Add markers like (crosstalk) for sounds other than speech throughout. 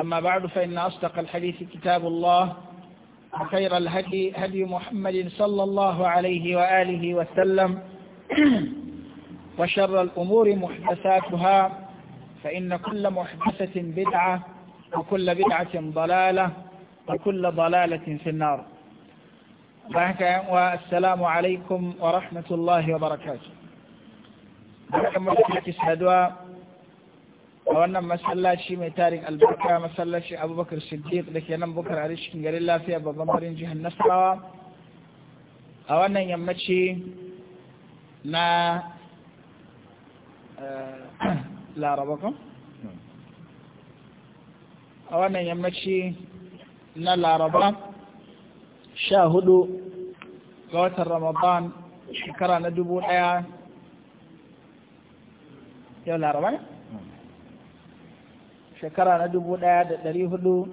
أما بعد فإن أصدق الحديث كتاب الله وخير الهدي هدي محمد صلى الله عليه وآله وسلم (clears throat) وشر الأمور محدثاتها فإن كل محدثة بدعة وكل بدعة ضلالة وكل ضلالة في النار والسلام عليكم ورحمة الله وبركاته بركة مجلسة سهدواء a wannan masallaci mai tarin albarka masallaci abubakar siddiq da ke nan bukar a cikin garin lafiya babban farin jihar nasarawa a wannan yammaci na eh, (clears throat) laraba a wannan yammaci na laraba sha hudu ga watan ramadan shekara na dubu daya yau laraba ne? shekara na dubu ɗaya da ɗari hudu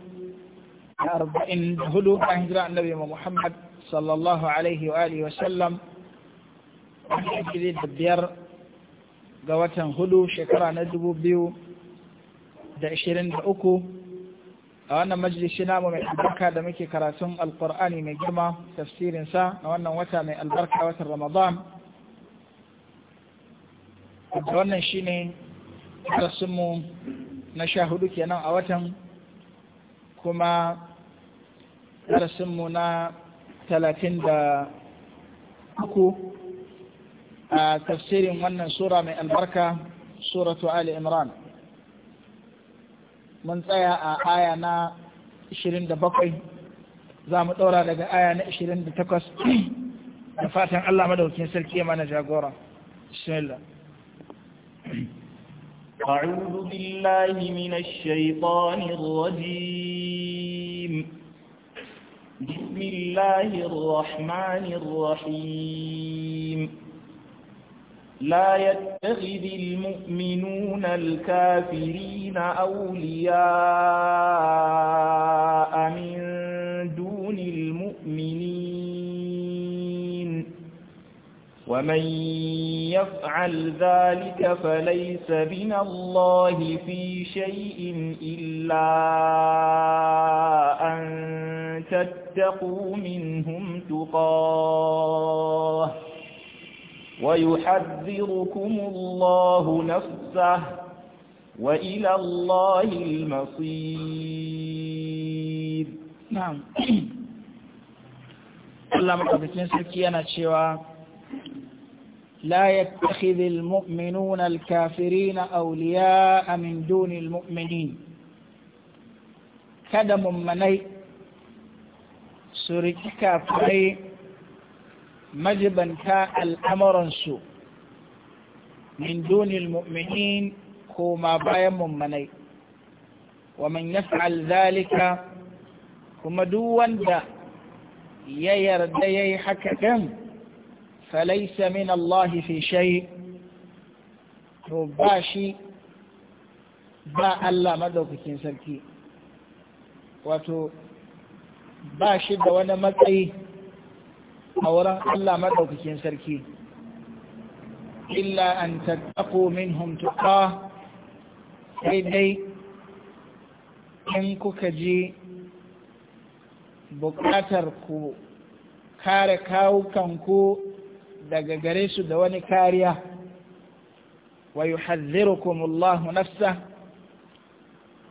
da arba'in da hudu a hijira annabi Muhammad sallallahu alaihi wa alihi wa sallam da biyar ga watan hudu shekara na dubu biyu da ishirin da uku a wannan majalisi namu mai albarka da muke karatun alkur'ani mai girma tafsirinsa a wannan wata mai albarka watan ramadan da wannan shine mu. na sha hudu kenan a watan kuma darasinmu na talatin da uku a tafsirin wannan sura mai albarka suratu Ali Imran mun tsaya a aya na 27 za mu ɗora daga aya na 28 da fatan Allah madaukin sarki mana jagora bismillah أعوذ بالله من الشيطان الرجيم بسم الله الرحمن الرحيم لا يتخذ المؤمنون الكافرين أولياء من دون ومن يفعل ذلك فليس من الله في شيء إلا أن تتقوا منهم تقاه ويحذركم الله نفسه وإلى الله المصير نعم (coughs) الله مكبتين سكي أنا لا يتخذ المؤمنون الكافرين أولياء من دون المؤمنين كذا ممني سرك كافري مجبا الأمر سوء من دون المؤمنين كما بايا ممني ومن يفعل ذلك كما دوان دا يا يردي حكا جنب فليس من الله في شيء رباشي با الله مدوكين سلكي wato ba da wani matsayi auren Allah maɗaukakin sarki illa an tattako minhum tuqa sai dai in kuka je buƙatar ku kare kawukanku daga gare su da wani kariya wa yuhadhdhirukum Allah nafsa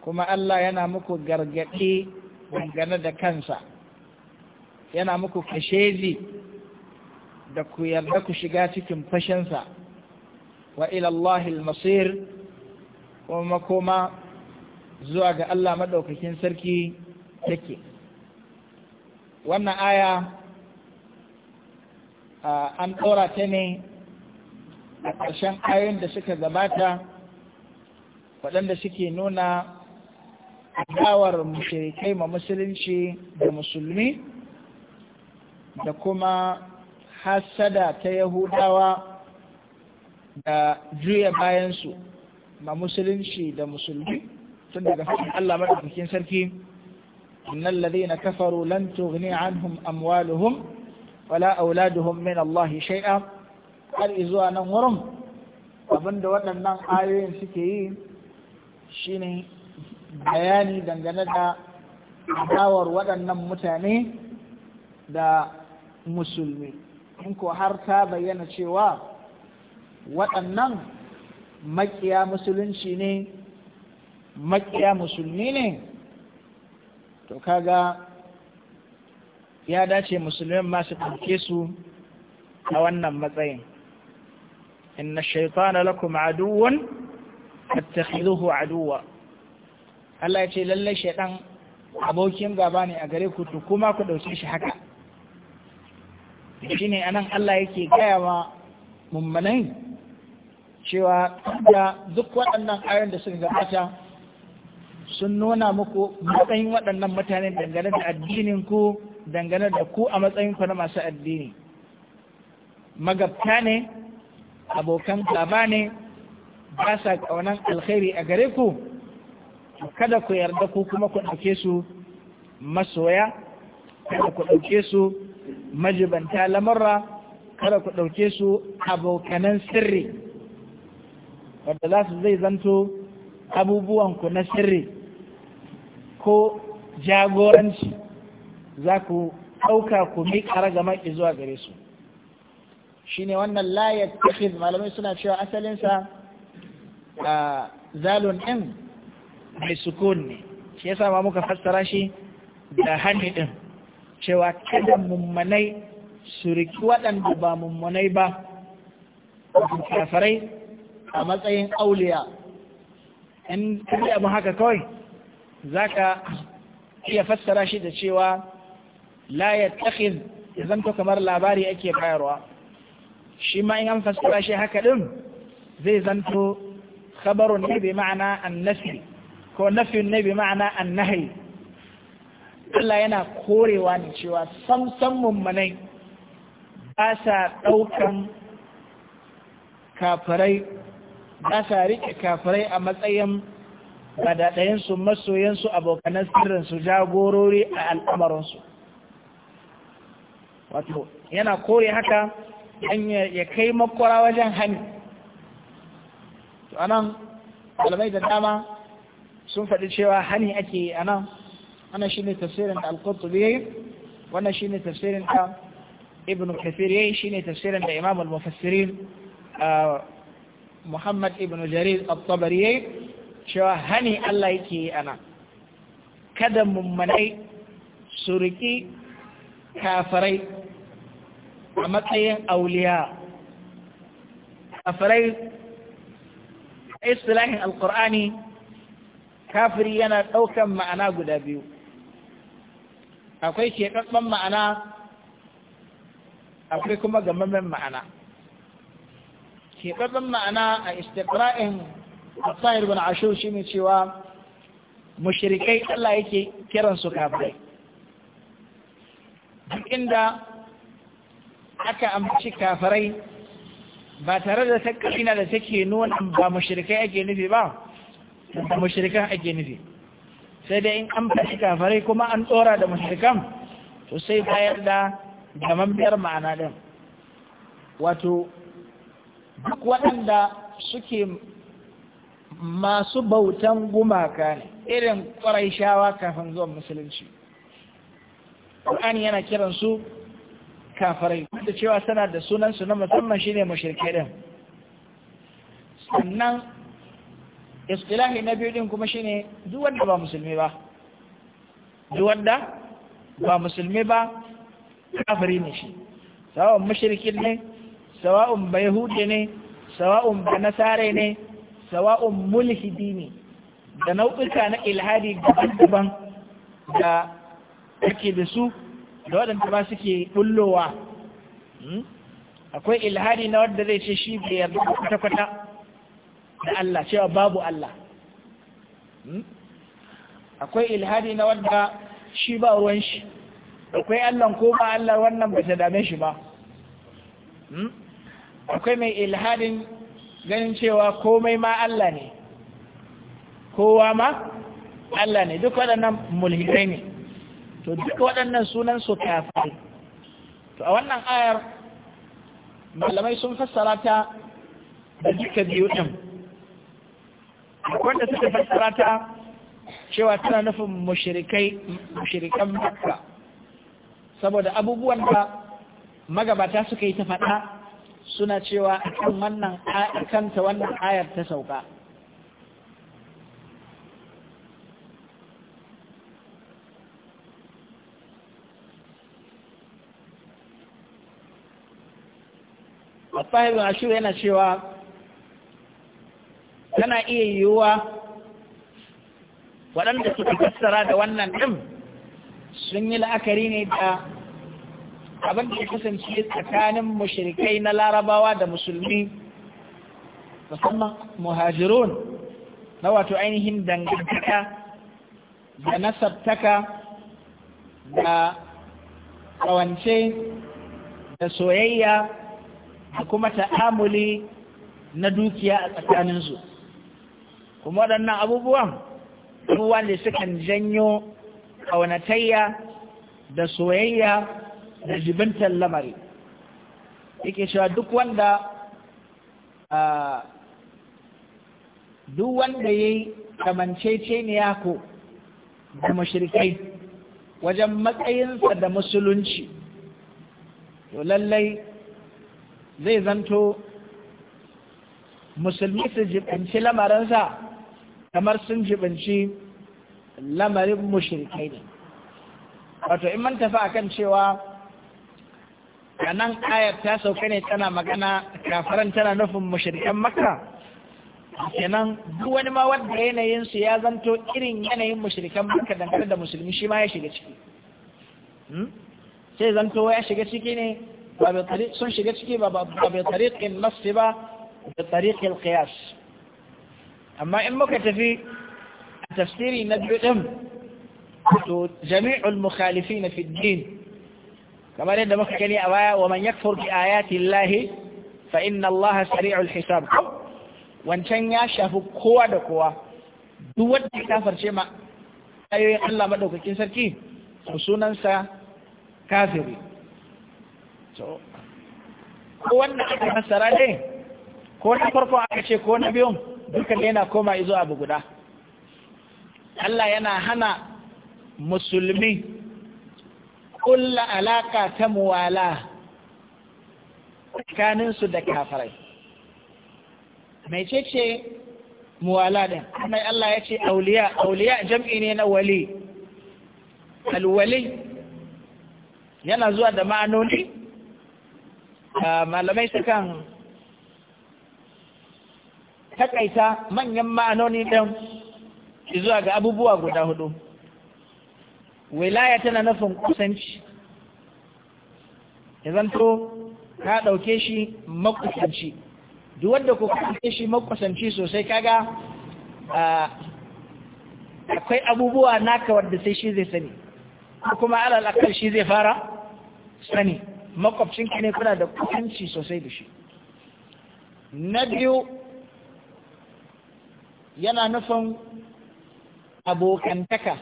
kuma Allah yana muku gargaɗi dangane da kansa yana muku kashezi da ku yarda ku shiga cikin fashinsa wa ila Allahil masir kuma kuma zuwa ga Allah maɗaukakin sarki take wannan aya an ɗora ta ne a ƙarshen ayoyin da suka gabata waɗanda suke nuna dawar shirikai ma musulunci da musulmi da kuma hasada ta yahudawa da juya bayansu ma musulunci da musulmi tun daga faɗin Allah maɗaukakin sarki innal ladhina kafaru lan tughni anhum amwaluhum wala auladuhum min Allah shay'a har izuwa nan wurin abinda waɗannan ayoyin suke yi shine bayani dangane da dawar waɗannan mutane da musulmi in ko har ta bayyana cewa waɗannan makiya musulunci ne makiya musulmi ne to kaga ya dace musulmin masu ɗauke su a wannan matsayin inna shaitana lakum aduwwan attakhiduhu aduwa Allah ya ce lalle shaitan abokin gaba ne a gare ku to kuma ku dauke shi haka shine anan Allah yake gaya wa mummanai cewa da duk waɗannan ayoyin da suka gabata sun nuna muku matsayin waɗannan mutane dangane da addinin ku dangane da ku a matsayin ku na masu addini magabta ne abokan gaba ne ba sa ƙaunan alkhairi a gare ku kada ku yarda ku kuma ku ɗauke su masoya kada ku ɗauke su majibanta lamarra kada ku ɗauke su abokanan sirri wadda za su zai zanto abubuwanku na sirri ko jagoranci za ku ɗauka ku ga maki zuwa gare su Shi ne wannan la yattakhidh malamai suna cewa asalinsa a zalun ɗin mai sukun ne shi ya ma muka fassara shi da hannu ɗin cewa kada mummanai su riki waɗanda ba mummanai ba kafarai a matsayin auliya in kuma haka kawai za ka iya fassara shi da cewa la yattakhiz ya zanto kamar labari ake bayarwa shi ma in an fassara shi haka din zai zanto khabarun ne bi ma'ana annafi ko nafin ne bi ma'ana annahi Allah yana korewa ne cewa sam sam mummanai ba sa daukan kafirai ba sa rike kafirai a matsayin ba da badadayensu masoyansu abokanan sirrinsu jagorori a al'amarinsu wato yana kore haka an ya kai makwara wajen hani anan alamai da dama sun faɗi cewa hani ake yi anan wannan shine tafsirin da al-qurtubi shi ne shine tafsirin da ibn kathir shi ne tafsirin da imam al-mufassirin muhammad ibn jarir at-tabari yayi cewa hani Allah yake yi anan kada mummanai su riki kafirai a matsayin auliya kafirai a istilahin alkur'ani kafiri yana ɗaukan ma'ana guda biyu akwai shekakken ma'ana akwai kuma gamamen ma'ana shekakken ma'ana a istiqra'in al-sahir bin shi ne cewa mashirikai Allah yake kiransu kafirai duk inda aka ambaci kafirai ba tare da takkarina da take nuna ba mashirikai ake nufi ba ba mashirikan ake nufi sai dai in an fashi kafirai kuma an tsora da mushrikan to sai bayar da biyar ma'ana din wato duk waɗanda suke masu bautan gumaka ne irin ƙwarai shawa kafin zuwan musulunci Qur'ani yana kiran su kafirai wanda cewa suna da sunan su na musamman shine mushrikai din sannan istilahi na biyu din kuma shine duk wanda ba musulmi ba duk wanda ba musulmi ba kafiri ne shi sawa'un mushrikin ne sawa'un ba yahudi ne sawa'un ba nasare ne sawa'un mulhidi ne da nau'uka na ilhadi daban-daban da ake da su da waɗanda ba suke ɓullowa. Hmm? akwai ilhari na wadda zai ce shi bai yarda kwata-kwata da Allah cewa babu Allah hmm? akwai ilhari na wadda shi ba ruwan shi akwai Allah ko ba Allah wannan ba ta dame shi ba hmm? akwai mai ilharin ganin cewa komai ma Allah ne kowa ma Allah ne duk waɗannan mulhidai ne to duka waɗannan sunan su kafai to a wannan ayar malamai sun fassara ta da duka biyu ɗin wanda suka fassara ta cewa tana nufin mashirikan mushirikan makka saboda abubuwan da magabata suka yi ta faɗa suna cewa a wannan kanta wannan ayar ta sauka asahibin ashir yana cewa tana iya yiwuwa waɗanda suka fassara da wannan ɗin sun yi la'akari ne da abin da ya kasance tsakanin mushirikai na larabawa da musulmi musamman muhajirun na wato ainihin dangantaka da nasabtaka da kawance da soyayya da kuma ta'amuli na dukiya a tsakaninsu kuma waɗannan abubuwan ruwa ne sukan janyo ƙaunatayya da soyayya da jibintar lamari yake cewa duk wanda duk wanda ya yi kamanceceniya ko da mashirikai wajen matsayinsa da musulunci to lallai zai zanto musulmi su jibanci lamarinsa kamar sun jibanci lamarin mushrikai ne wato in man tafi akan cewa a nan ayar ta sauka ne tana magana kafaran tana nufin mushrikan makka kenan duk wani ma wadda yanayinsu ya zanto irin yanayin mushirkan makka dangane da musulmi shi ma ya shiga ciki hmm? sai zanto ya shiga ciki ne ba bai tariq sun shiga ciki ba bai tariqin nassi ba da tariqil qiyas amma in muka tafi a tafsiri na biyu din to jami'ul mukhalifin fi din kamar yadda muka gani a baya wa man yakfur bi ayati fa inna allaha sari'ul hisab wancan ya shafi kowa da kowa duk wanda ya kafarce ma ayoyin Allah madaukakin sarki to sunansa kafiri to ko wanda aka fassara ne ko na farko aka ce ko na biyun duka ne yana koma izo abu guda Allah yana hana musulmi kulla alaka ta muwala tsakaninsu da kafarai mai ce ce muwala ɗin mai Allah ya ce auliya auliya jam'i ne na wali alwali yana zuwa da ma'anoni Ah, malamai sukan takaita manyan ma'anoni ɗin zuwa ga abubuwa guda hudu wilaya tana nufin kusanci Idan to ka ɗauke shi makusanci duk wanda ku ɗauke shi makusanci sosai kaga ah, akwai abubuwa naka wadda sai shi zai sani kuma alal akal shi zai fara sani makwabcinka ne kuna da kusanci sosai da shi na biyu yana nufin abokantaka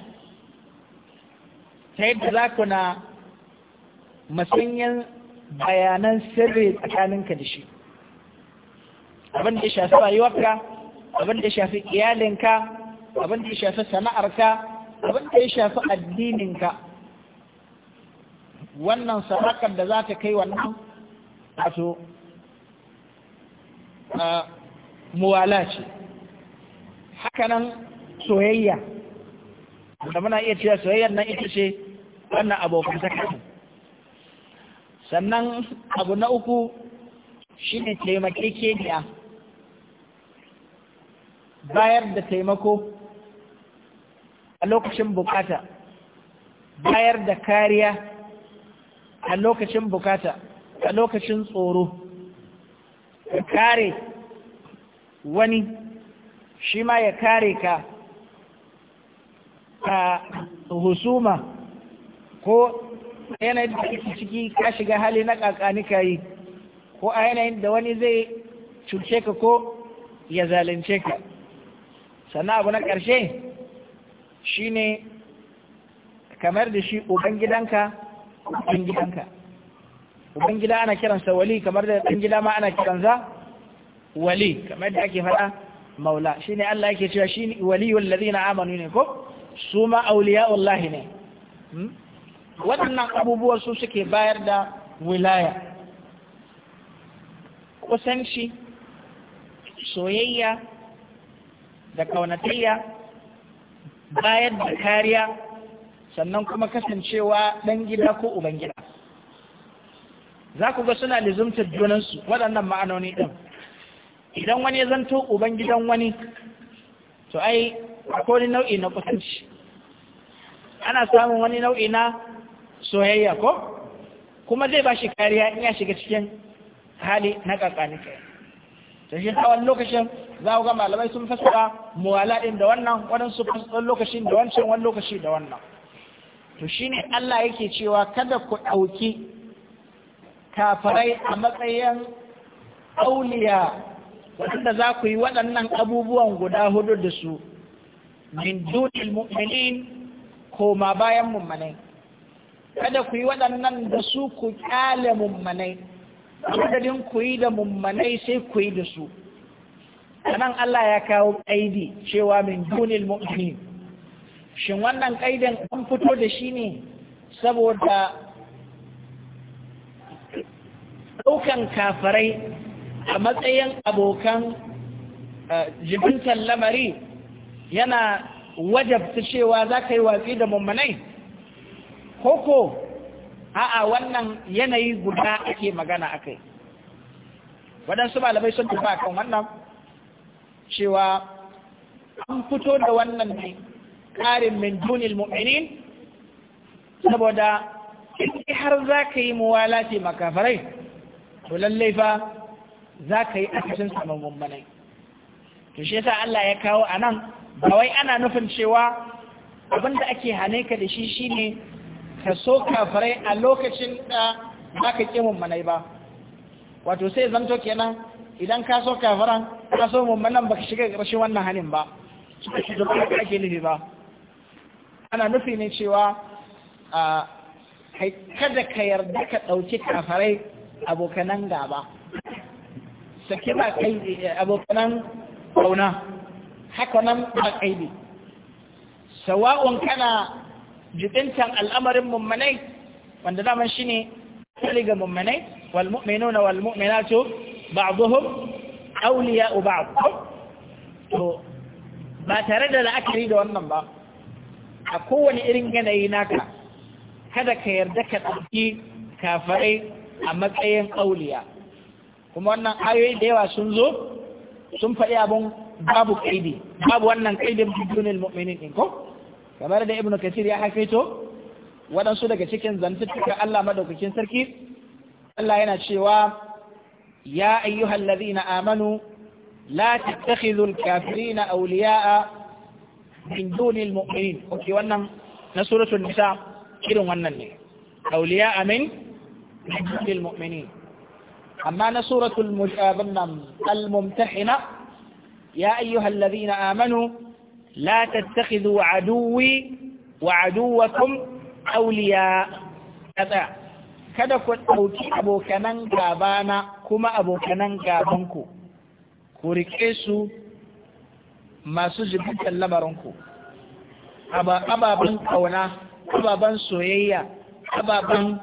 ta yadda za ku na masanyan bayanan sirri tsakaninka da shi abin da ya shafi rayuwarka abin da ya shafi iyalinka abin da ya shafi sana'arka abin da ya shafi addininka wannan sadakar da za ta kai wannan wato muwala ce hakanan soyayya da muna iya cewa soyayyar nan ita ce wannan abokan sakasin sannan abu na uku shi ne taimakekeniya bayar da taimako a lokacin bukata bayar da kariya a lokacin bukata a lokacin tsoro ka kare wani shi ma ya kare ka a husuma ko yanayin da ake ciki ka shiga hali na ka yi ko a yanayin da wani zai cuce ka ko ya zalunce ka sannan abu na ƙarshe ne kamar da shi ubangidanka ɗan gidanka uban gida ana kiransa wali kamar da ɗan gida ma ana kiransa wali kamar da ake faɗa maula shine Allah yake cewa shi wali waliyul na amanu ne ko su ma wallahi ne hmm? waɗannan abubuwan su suke bayar da wilaya kusanci soyayya da kaunatayya bayar da kariya sannan kuma kasancewa ɗan gida ko uban gida za ku ga suna lizumtar junansu waɗannan ma'anoni ɗin idan wani ya zanto uban gidan wani to ai akwai nau'i na kusanci ana samun wani nau'i na soyayya ko kuma zai ba shi kariya in ya shiga cikin hali na kakani kai ta shi hawan lokacin za ku ga malamai sun fasara muwala ɗin da wannan waɗansu lokacin da wancan wani lokaci da wannan to shine Allah yake cewa kada ku ɗauki kafarai a matsayin auliya waɗanda za ku yi waɗannan abubuwan guda hudu da su min dunil mu'minin ma bayan mummanai kada ku yi waɗannan da su ku kyale mummanai madadin ku yi da mummanai sai ku yi da su nan Allah ya kawo ƙaidi cewa min dunil mu'minin shin wannan kaidan an fito da shi ne saboda ɗaukan kafarai a matsayin abokan eh, jibintan lamari yana wajabta cewa za ka yi watsi da mummanai koko a'a wannan yanayi guda ake magana a kai waɗansu malamai sun tafi kan wannan cewa an fito da wannan ne karin min dunil mu'minin saboda in har za ka yi muwalati makafarai to lallai fa za ka yi akasin saman mummunai to shi yasa Allah ya kawo a nan ba wai ana nufin cewa abinda ake hane ka da shi shine ka so kafarai a lokacin da za ka ƙi mummunai ba wato sai zanto kenan idan ka so kafaran ka so mummunan ba ka shiga ƙarshen wannan hanin ba ba ake nufi ba ana nufi ne cewa kada ka yarda ka ɗauki kafarai abokanan gaba sake ba kaidi abokanan kauna haka nan ba kaidi sawa'un kana jibintan al'amarin mummanai wanda daman shi ne ga mummanai walmu'minuna walmu'minatu ba'duhum awliya'u ba'd to ba tare da la'akari da wannan ba a kowane irin yanayi naka kada ka yarda ka ɗauki kafarai a matsayin auliya kuma wannan ayoyi da yawa sun zo sun faɗi abin babu kaidi babu wannan kaidin bidunil mu'minin in ko kamar da ibnu kathir ya to waɗansu daga cikin zantuttuka Allah maɗaukakin sarki Allah yana cewa ya ayyuhal ladhina amanu la tattakhidhul kafirina awliya'a min dunil mu'minin okay wannan na suratul nisa irin wannan ne awliya amin min dunil mu'minin amma na suratul mujabannam al-mumtahina ya ayyuhal ladhina amanu la tattakhidhu aduwwi wa aduwwakum awliya kada kada ku dauki abokanan gabana kuma abokanan gabanku ku rike su masu jibintan lamarinku ababen kauna ababen soyayya ababen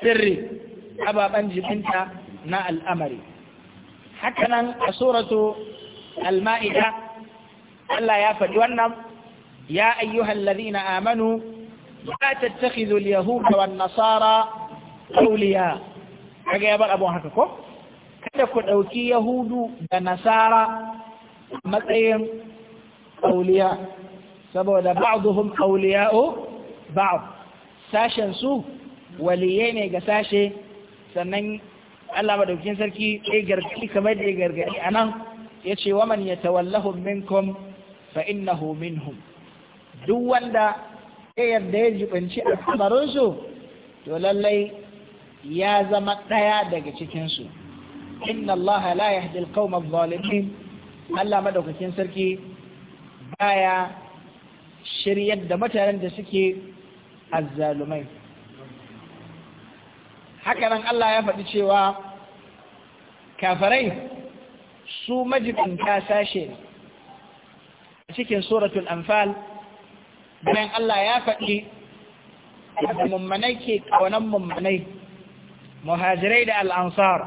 sirri ababen jibinta na al'amari hakanan a suratu al-ma'ida Allah ya faɗi wannan ya ayyuhan ladina amanu la tattakhidhu al-yahuda nasara kauliya kaga ya bar abun haka ko kada ku ɗauki yahudu da nasara matsayin auliya saboda ba'duhum auliya'u ba'd sashen su waliyai ne ga sashe sannan Allah madaukakin sarki ya gargadi kamar da ya gargadi anan yace waman yatawallahu minkum fa innahu minhum duk wanda ya yarda ya jibanci al'amarin to lallai ya zama ɗaya daga cikin su inna allaha la yahdi al adh-dhalimin Allah madaukakin sarki baya shiryar da mutanen da suke azzalumai nan Allah ya faɗi cewa kafarai su majibinta sashe a cikin suratul anfal bayan Allah ya faɗi da mummanai ke ƙaunar mummanai muhajirai da al'ansar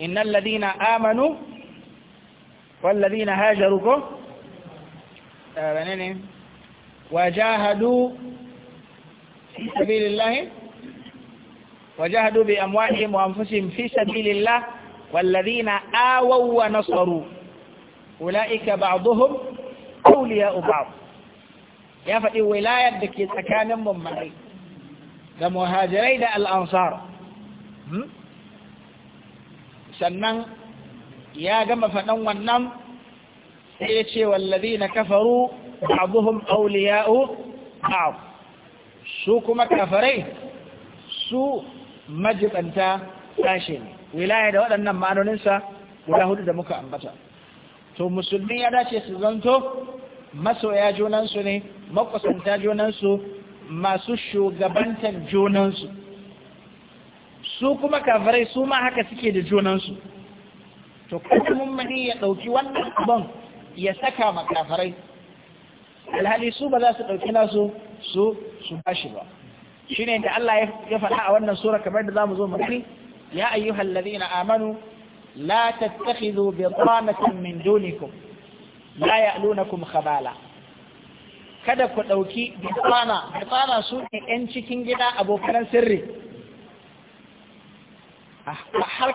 innan ladina amanu والذين هاجروا وجاهدوا في سبيل الله وجاهدوا بأموالهم وأنفسهم في سبيل الله والذين آووا ونصروا أولئك بعضهم أولياء بعض ya faɗi wilayar da ke tsakanin mummarai da muhajirai da ya gama faɗan wannan sai ya ce wallazi na kafaru abuhum auliya'u ba'u su kuma kafarai su majibanta sashe ne wilaya da waɗannan ma'anoninsa guda hudu da muka ambata to musulmi ya dace su zanto masoya junansu ne makusanta junansu masu shugabantar junansu su kuma kafarai su ma haka suke da junansu to kada ya ɗauki wannan abun ya saka makafarai alhali su ba za su ɗauki nasu su su bashi ba shine da Allah ya faɗa a wannan sura kamar da zamu zo mu gani ya ayyuhal ladina amanu la tattakhidhu bitanatan min dunikum la ya'lunakum khabala kada ku ɗauki bitana bitana su ne 'yan cikin gida abokan sirri a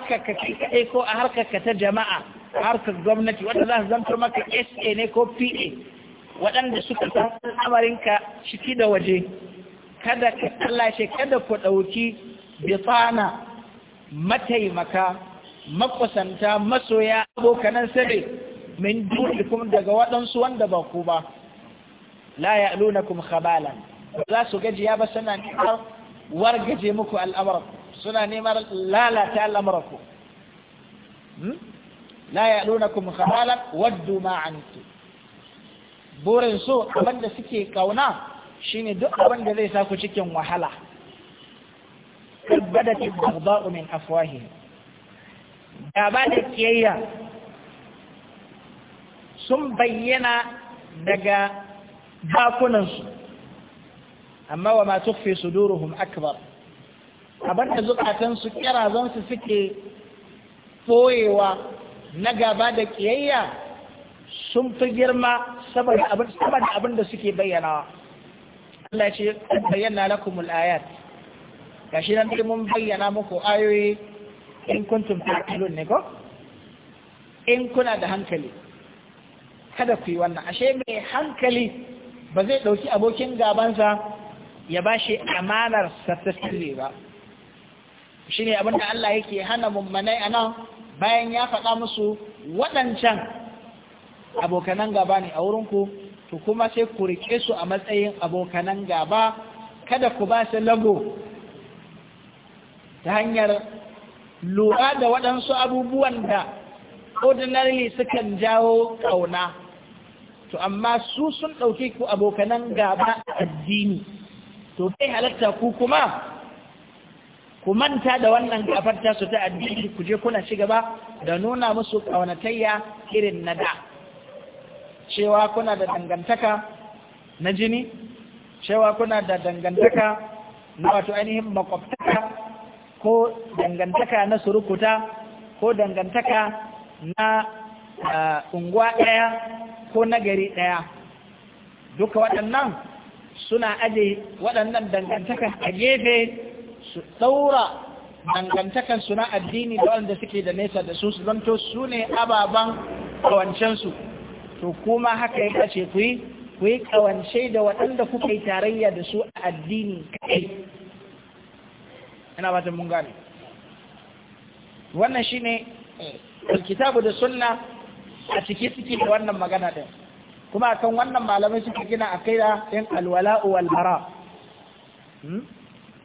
ka kai ko a harkarka ka ta jama'a harka harkar gwamnati wanda za su zamto maka sa ne ko pa waɗanda suka san al'amarinka ciki da waje kada ka tallashe kada ku ɗauki bitsana mataimaka makwasanta masoya abokanan sirri min kuma daga waɗansu wanda ba ku ba la ya'lunakum khabalan za su gajiya ba suna gaje muku al'amarku suna neman lalata lamarku hmm? la ya'lunakum khabalan waddu ma antu burin so abinda suke kauna shine duk abinda zai sa ku cikin wahala badat al-baghdha'u min afwahihim da ba da kiyayya sun bayyana daga bakunansu amma wa ma su suduruhum akbar abinda zukatansu su suke ɓoyewa na gaba da ƙiyayya sun fi girma saboda abin da suke bayyanawa Allah ce bayyana lakum al-ayat gashi nan dai mun bayyana muku ayoyi in kuntum taqilun ne ko in kuna da hankali kada ku yi wannan ashe mai hankali ba zai ɗauki abokin gabansa ya bashi amanar sa ta ba shine ne da Allah yake hana mummanai a nan bayan ya faɗa musu waɗancan abokanan gaba ne a wurinku to kuma sai ku riƙe su a matsayin abokanan gaba kada ku ba su lago ta hanyar lura da waɗansu abubuwan da ordinarily sukan jawo ƙauna to amma su sun ɗauke ku abokanan gaba addini to bai halatta ku kuma ku manta da wannan gafarta su ta addini ku je kuna ci gaba da nuna musu kaunatayya irin na da cewa kuna da dangantaka na jini cewa kuna da dangantaka na wato ainihin makwabtaka ko dangantaka na surukuta ko dangantaka na unguwa ɗaya ko na gari ɗaya duka waɗannan suna aje waɗannan dangantaka a gefe su ɗaura dangantakan suna na addini da wanda suke da nesa da su su zanto su ne ababen kawancensu to kuma haka ya kace ku yi ku yi kawance da waɗanda kuka yi tarayya da su a addini kai Yana fatan mun gane wannan ne eh, alkitabu da sunna a ciki suke da wannan magana da kuma akan wannan malamai suke gina a kai da yan alwala'u wal bara hmm?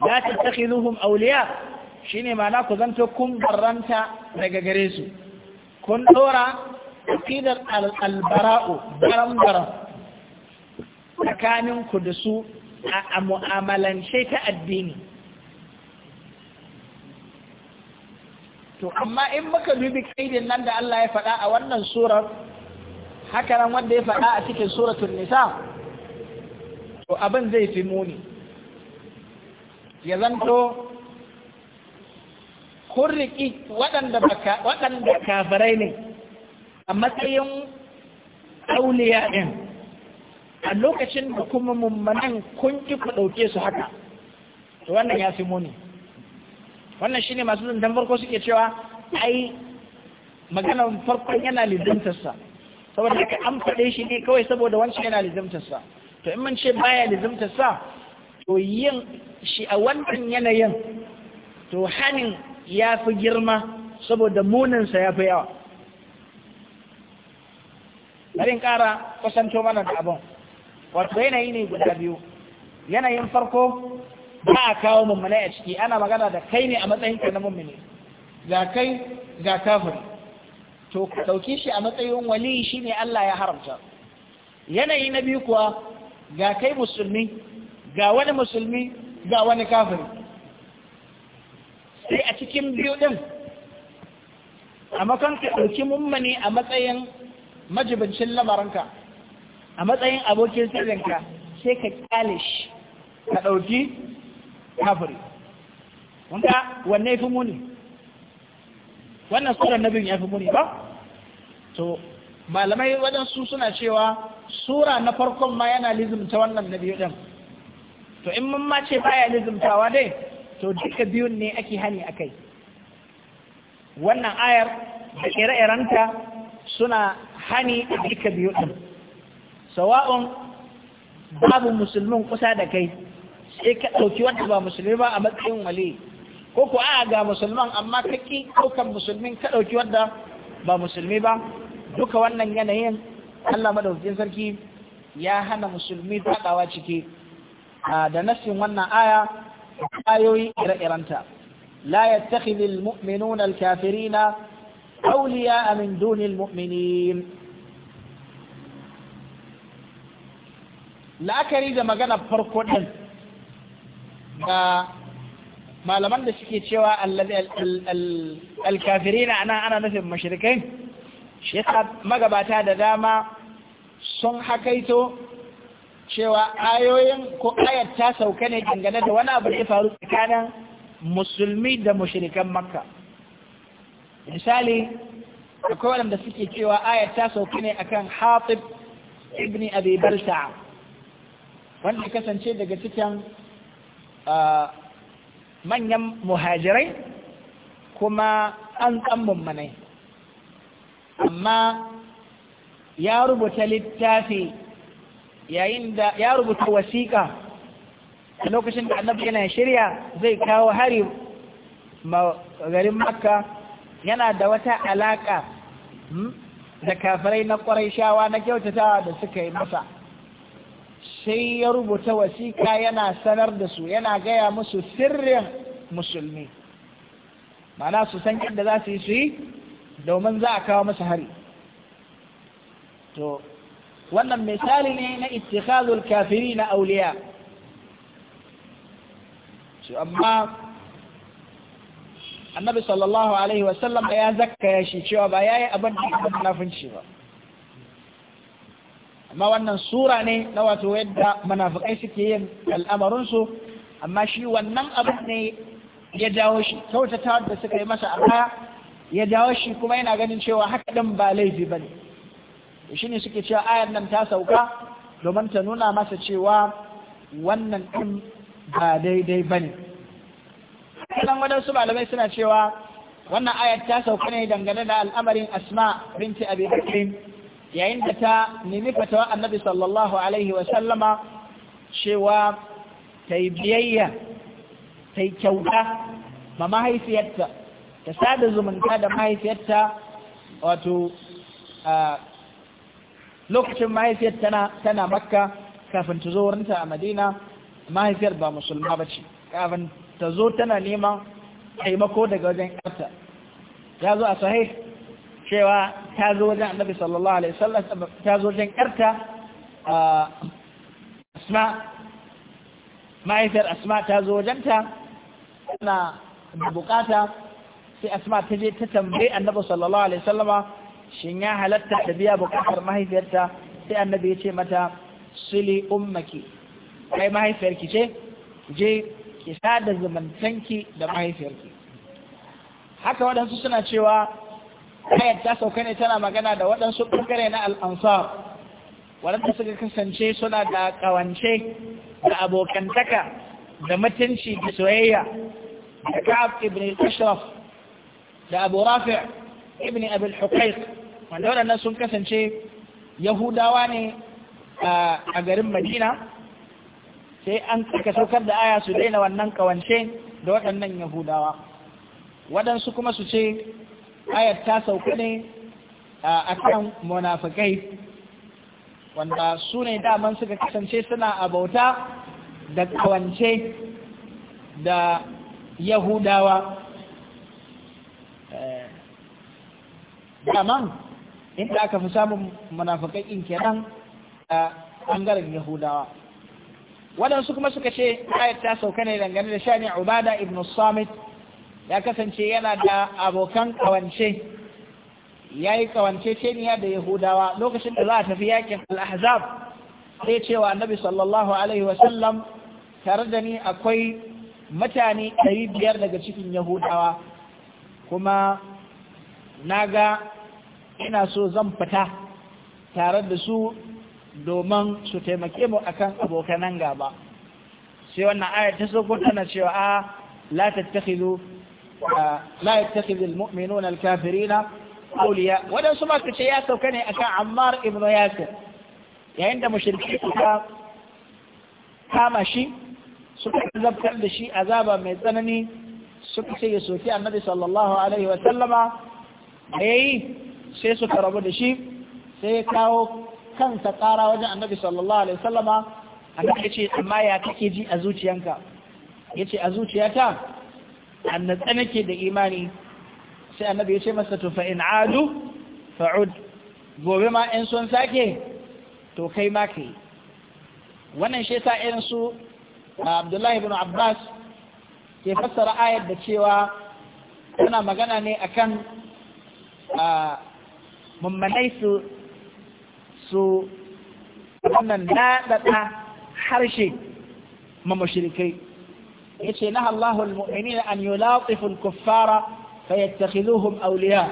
la tattakhiluhum awliya shine mana ku zanto kun barranta daga gare su kun dora aqidar al-bara'u baram baram da su a mu'amalance ta addini to amma in muka dubi kaidin nan da Allah ya faɗa a wannan surar haka wanda ya faɗa a cikin suratul nisa to abin zai fi muni ya zanto kurriki waɗanda waɗanda kafirai ne a matsayin auliya ɗin a lokacin da kuma mummanan kun ki ku ɗauke su haka to wannan ya fi muni wannan shine masu zantan farko suke cewa ai maganar farkon yana lizimtarsa saboda ka an faɗe shi ne kawai saboda wancan yana lizimtarsa to in mun ce baya lizimtarsa to yin shi a wannan yanayin to hanin ya fi girma saboda muninsa ya fi yawa in ƙara kusanto mana da abin wato yanayi ne guda biyu yanayin farko ba a kawo mummune a ciki ana magana da kai ne a matsayin ka na mummune ga kai ga kafin. to ka ɗauki shi a matsayin wali shi ne Allah ya haramta yanayi na biyu kuwa ga kai musulmi ga wani musulmi ga wani kafiri sai a cikin biyu ɗin a makon ka ɗauki mummani a matsayin majibincin lamarinka a matsayin abokin sirrinka sai ka kyale shi ka ɗauki kafiri wanda wanne ya fi muni wannan tsoron nabin ya fi muni ba to malamai waɗansu suna cewa sura na farkon ma yana lizimta wannan na biyu ɗin to in mun ma ce baya lizumtawa dai to duka biyun ne ake hani a kai wannan ayar da ire-irenta suna hani a duka biyun ɗin sawa'un babu musulmin kusa da kai sai ka ɗauki wanda ba musulmi ba a matsayin wali ko ku a ga musulman amma ka ƙi ɗaukan musulmin ka ɗauki wanda ba musulmi ba duka wannan yanayin Allah madaukakin sarki ya hana musulmi faɗawa ciki da nashin wannan aya ayoyi ire-irenta la yattakhidhu muminun alkafirina awliya'a min duni almu'minin la'akari da magana farko din da malaman da suke cewa alkafirina ana ana nufin mashirikai shi magabata da dama sun hakaito cewa ayoyin ko ayat ta sauka ne dangane da wani abu da faru tsakanin musulmi da mushrikan makka misali akwai waɗanda suke cewa ayat ta sauka ne akan hatib ibn abi balta'a wanda kasance daga cikin manyan muhajirai kuma an tsammin mummanai amma ya rubuta littafi yayin da ya rubuta wasiƙa a lokacin da annabi yana shirya zai kawo hari garin makka yana da wata alaƙa hmm, da kafirai na ƙwarai shawa na kyautatawa da suka yi masa sai ya rubuta wasiƙa yana sanar da su yana gaya musu sirrin musulmi mana su san yadda za su yi su yi domin za a kawo masu hari to wannan misali ne na ittikhadul kafiri na auliya su amma annabi sallallahu alaihi wasallam ya ya shi cewa ba yayi abin da ya munafinci ba amma wannan sura ne na wato yadda munafikai suke yin al'amarinsu amma shi wannan abin ne ya jawo shi kyautata da suka yi masa a ya jawo shi kuma yana ganin cewa haka ɗin ba laifi ba ne shi ne suke cewa ayar nan ta sauka domin ta nuna masa cewa wannan ɗin ba daidai ba ne kalan waɗansu malamai suna cewa wannan ayar ta sauka ne dangane da al'amarin asma binti abi yayin da ta nemi fatawa annabi sallallahu alaihi wa sallama cewa ta yi biyayya ta yi kyauta ma mahaifiyarta ta sada zumunta da mahaifiyarta wato lokacin mahaifiyar tana makka kafin ta zo wurinta a madina mahaifiyar ba musulma ba ce kafin ta zo tana neman taimako daga wajen yarta ya zo a sahih cewa ta zo wajen annabi sallallahu alaihi wasallam ta zo wajen yarta asma mahaifiyar asma ta zo wajenta tana da bukata sai asma ta je ta tambaye annabi sallallahu alaihi wasallama shin ya halatta da biya bukatar mahaifiyarta sai annabi ya ce mata sili ummaki kai mahaifiyarki ce je ki sada zamantanki da mahaifiyarki haka waɗansu suna cewa ayat ta sauka ne tana magana da waɗansu ɓangare na al'ansar waɗanda suka kasance suna da ƙawance da abokantaka da mutunci da soyayya da ka'ab ibn al-ashraf da abu rafi' ibn al wanda waɗannan sun kasance yahudawa ne a garin madina sai an ka saukar da aya su daina wannan kawance da waɗannan yahudawa waɗansu kuma su ce ayar ta sauka ne a kan munafikai wanda su ne daman suka kasance suna abauta da kawance da yahudawa eh, daman inda aka fi samun munafiqin kenan a bangaren yahudawa waɗansu kuma suka ce ayat ta sauka ne dangane da shani ubada ibn samit ya kasance yana da abokan kawance ya yi kawance ceniya da yahudawa lokacin da za a tafi yakin al-ahzab sai cewa annabi sallallahu alaihi wasallam tare da ni akwai mutane ɗari biyar daga cikin yahudawa kuma na ga ina so zan fita tare da su domin su taimake mu akan abokanan gaba sai wannan ayar ta sauko tana cewa a la tattakhidhu la yattakhidhu almu'minuna alkafirina awliya ma kace ya sauka ne akan Ammar ibn Yasir yayin da mushriki suka kama shi suka zabtar da shi azaba mai tsanani suka ce ya soki annabi sallallahu alaihi wa sallama da yayi sai suka rabu da shi sai ya kawo kansa tsara wajen annabi sallallahu alaihi wasallama annabi ya ce amma ya kake ji a zuciyanka ya ce a zuciyata annatsa nake da imani sai annabi ya ce masa to in adu fa'ud gobe ma in sun sake to kai ma kai wannan shi yasa irin su uh, Abdullahi ibn Abbas ke fassara ayar da cewa suna magana ne akan uh, mummanai su su wannan daɗaɗa harshe ma mushrikai yace naha Allahu al an yulatifu al-kuffara fayattakhiduhum awliya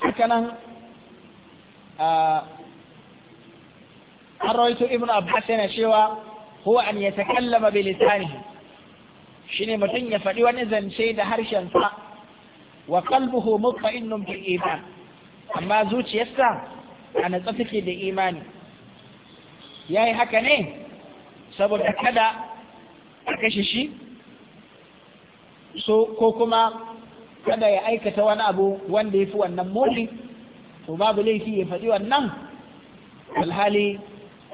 hakanan an rawaito ibnu abbas yana cewa huwa an yatakallama bi shine mutum ya faɗi wani zance da harshensa wa qalbuhu mutma'innun bil iman amma zuciyarsa a natsa take da imani yayi haka ne saboda kada a kashe shi so ko kuma kada ya aikata wani abu wanda ya fi wannan moli to babu laifi ya faɗi wannan alhali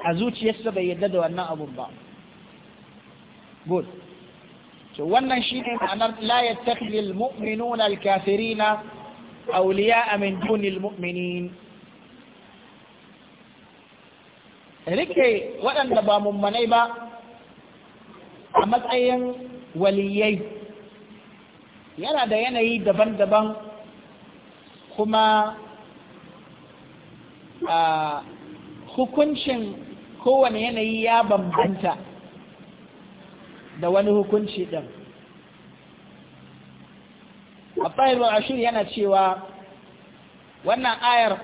a zuciyarsa bai yadda da wannan abun ba good to wannan ne ma'anar la yattakhidhu almu'minuna alkafirina awliya'a min rike waɗanda ba mummanai ba a matsayin waliyai yana da yanayi daban-daban kuma a ah, hukuncin kowane yanayi ya bambanta da wani hukunci ɗin abdullahi ibn ashir yana cewa wannan ayar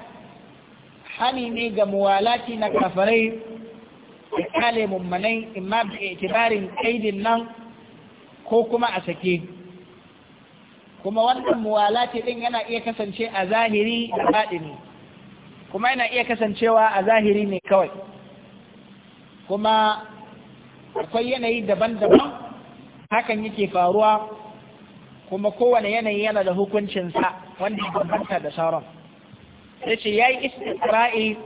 hani ne ga muwalati na kafarai da kale mummanai imma da itibarin kaidin nan ko kuma a sake kuma wannan muwalati ɗin yana iya kasance a zahiri da ne. kuma yana iya kasancewa a zahiri ne kawai kuma akwai yanayi daban-daban hakan yake faruwa kuma kowane yanayi yana da hukuncinsa wanda ya bambanta da sauran ya ce ya yi isra'i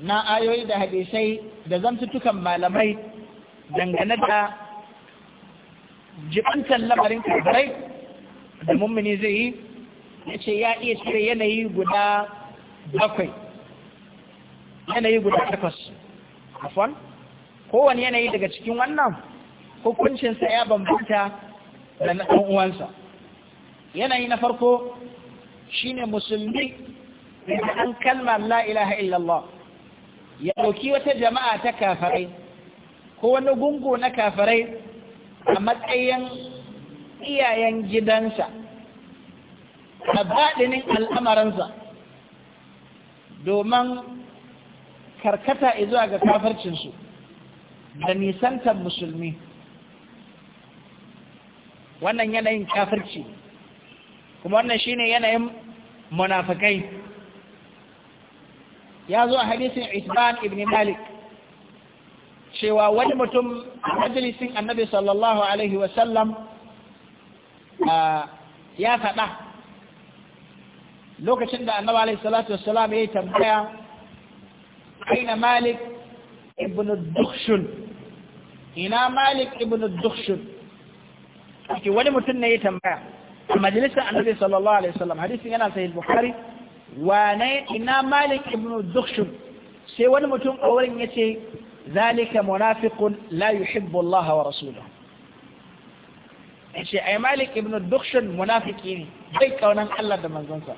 na ayoyi da hadisai da zamtutukan malamai dangane da jibantar lamarin kabarai da mummuni zai yi ya ce ya iya cire yanayi guda bakwai yanayi guda takwas afon kowane yanayi daga cikin wannan hukuncinsa ya bambanta da na uwansa yanayi na farko shine musulmi da an kalmar la'ilaha illallah ya ɗauki wata jama'a ta kafarai ko wani gungu na kafarai a matsayin iyayen gidansa a baɗinin al'amaransa domin karkata izuwa ga kafarcinsu da nisantar musulmi wannan yanayin kafirci kuma wannan shine yanayin munafikai ya zo a hadisin Isban ibn Malik cewa wani mutum a majalisin annabi sallallahu alaihi wasallam ya faɗa lokacin da annabi alaihi salatu wasallam ya yi tambaya aina Malik ibn Dukhshun ina malik ibn dukhshun ake wani mutum ne ya tambaya a majalisar annabi sallallahu alaihi wasallam hadisin yana sahih bukhari wane ina malik ibn dukhshun sai wani mutum a wurin yace zalika munafiqun la yuhibbu Allah wa rasulahu yace ai malik ibn dukhshun munafiki ne bai kaunan Allah da manzonsa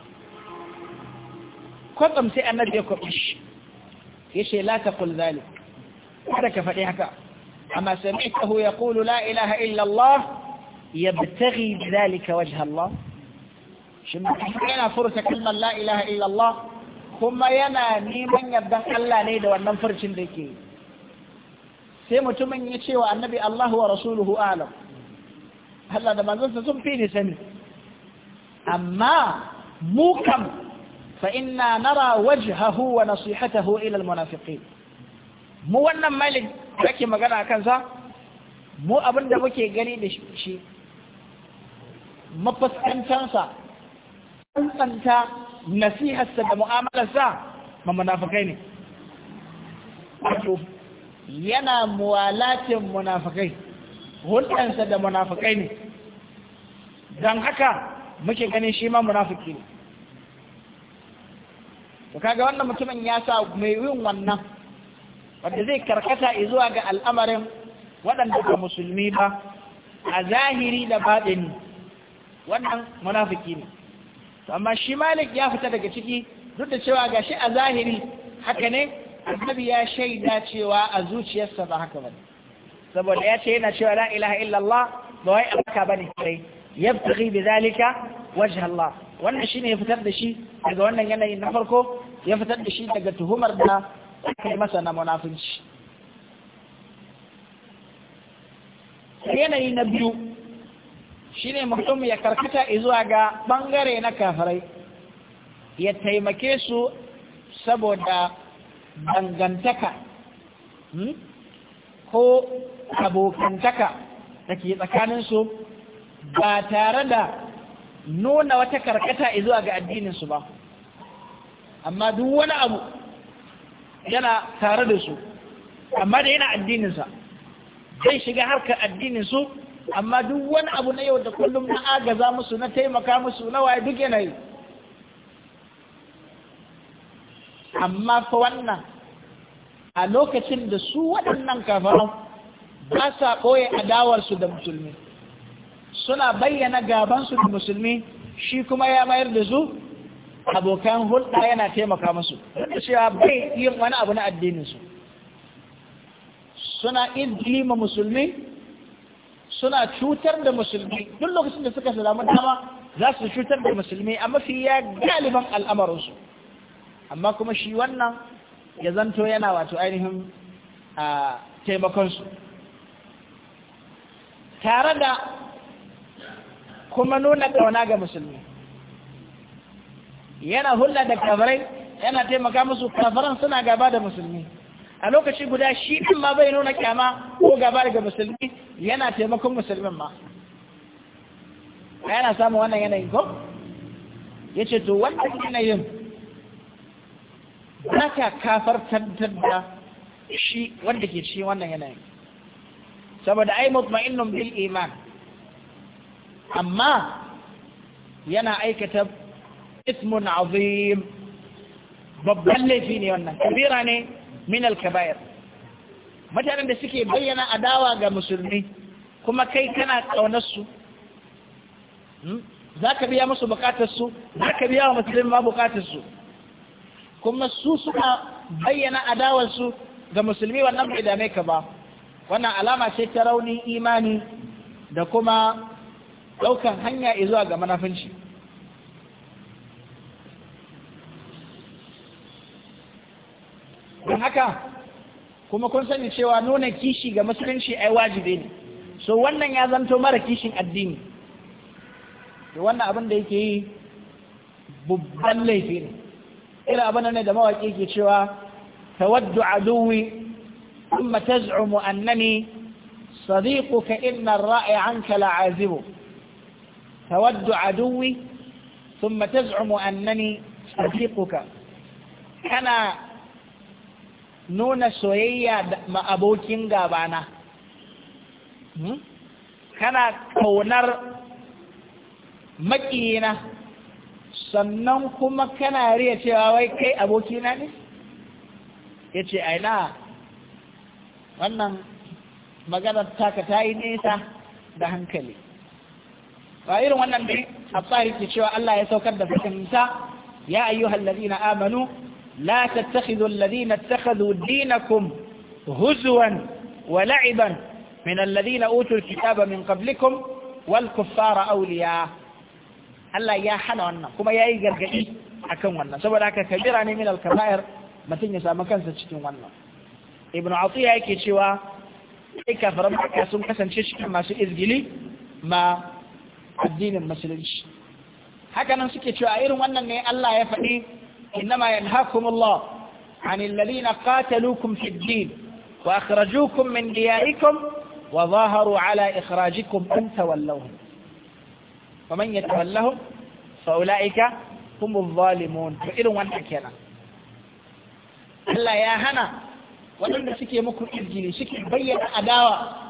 kwatsam sai annabi ya kwabi shi yace la taqul zalik kada ka faɗi haka أما سمعته يقول لا إله إلا الله يبتغي بذلك وجه الله شمعنا فرس كلمة لا إله إلا الله ثم ينا نيمن يبدأ ألا نيد وأنم فرش ذكي سيمو تمن يتشي والنبي الله ورسوله آلم هل هذا من ذلك فيه سمي أما موكم فإنا نرى وجهه ونصيحته إلى المنافقين مو أنم ملك kake magana a kansa mu abin da muke gani da shi mafaskantansa tsantsanta nasiharsa da mu'amalarsa ma munafakai ne wato yana muwalatin munafakai hulɗansa da munafakai ne don haka muke ganin shi ma munafiki ne to kaga wannan mutumin ya sa mai yin wannan wanda zai karkata izuwa ga al'amarin waɗanda ba musulmi ba a zahiri da baɗini wannan munafiki ne amma shi malik ya fita daga ciki duk da cewa gashi a zahiri haka ne annabi ya shaida cewa a zuciyarsa ba haka ba saboda ya ce yana cewa la ilaha illallah ba wai abaka bane kai yabtaghi alika wajen Allah wannan ne ya fitar da shi daga wannan yanayin na farko ya fitar da shi daga tuhumar da aka masa na munafunci yanayi na biyu shine mutum ya karkata zuwa ga bangare na kafirai ya taimake su saboda dangantaka hmm, ko abokantaka da ke tsakaninsu ba tare da nuna wata karkata zuwa ga addininsu ba amma duk wani abu yana tare da su amma da yana addininsa zai shiga harkar addininsu amma duk wani abu na yau da kullum na agaza musu na taimaka musu na waye duk yanayi amma fa wannan a lokacin da su waɗannan kafaran ba sa ɓoye adawarsu da musulmi suna bayyana gabansu da musulmi shi kuma ya mayar da su abokan hulɗa yana taimaka musu da cewa bai yin wani abu na addininsu suna izlima musulmi suna cutar da musulmi duk lokacin da suka salamu dama za su cutar da musulmi a ya galiban al'amarinsu amma kuma shi wannan ya zanto yana wato ainihin taimakonsu tare da kuma nuna ƙauna ga musulmi yana hulɗa da kafirai yana taimaka musu kafiran suna gaba da musulmi a lokaci guda shi ɗin ma bai nuna kyama ko gaba daga musulmi yana taimakon musulmin ma yana samun wannan yanayin ko ya ce to wannan yanayin naka kafartar da shi wanda ke ci wannan yanayin saboda ai mutma'innun bil iman amma yana aikata ismun azim babban laifi ne wannan kabira ne min alkabair mutanen da suke bayyana adawa ga musulmi kuma kai kana su hmm? za ka biya musu su za ka biya wa musulmi ma su kuma su suka bayyana adawarsu ga musulmi wannan bai dame ka ba wannan alama ce ta rauni imani da kuma ɗaukan hanya izuwa ga manafinci don haka kuma kun sani cewa nuna kishi ga musulunci ai wajibi ne so wannan ya zanto mara kishin addini to wannan abin da yake yi babban laifi ne irin abin ne da mawaƙi ke cewa tawaddu aduwi amma taz'umu annani صديقك إن الرأي عنك لعازب تود عدوي ثم تزعم أنني صديقك أنا nuna soyayya da abokin gabana hmm? kana kaunar maƙina sannan kuma kana riya cewa wai kai abokina ne ya ce aina wannan maganar taka ta yi nesa da hankali ba irin wannan ne a tsari ke cewa Allah ya saukar da ta ya na amanu لا تتخذوا الذين اتخذوا دينكم هزوا ولعبا من الذين أوتوا الكتاب من قبلكم والكفار أولياء الله يا حنا وانا كما يا إيجر جئي أكم وانا سوى لك كبيراني من الكبائر ما تنسى ما كان ستشتم وانا ابن عطية ايكي شوا ايكا فرمك يسوم حسن شيشك ما سيزجلي ما الدين المسلمش هكذا نسكي شوا ايرو وانا ان الله يفعي إنما ينهاكم الله عن الذين قاتلوكم في الدين وأخرجوكم من ديائكم وظاهروا على إخراجكم أن تولوهم ومن يتولهم فأولئك هم الظالمون فإن وانا حكينا الله يا هنا وإن شكي مكر إذجيني شكي بيّن أداوة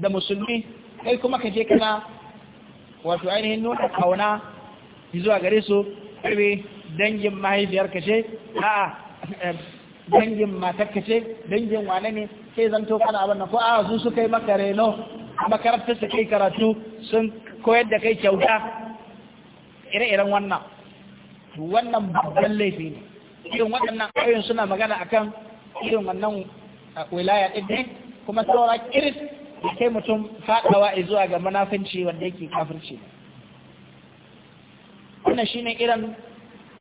da musulmi kai kuma ka je kana wato ainihin nuna kauna zuwa gare su karbe dangin mahaifiyarka ce a'a eh, dangin matarka ce dangin wane ne sai zanto kana abin nan ko a su suka yi maka reno a makarantar su kai karatu sun koyar da kai kyauta ire-iren wannan wannan babban laifi ne irin waɗannan ayoyin suna magana a kan irin wannan ah, wilaya ɗin ne kuma saura kirist da kai mutum faɗawa zuwa ga manafinci wanda yake kafirci ne wannan shine irin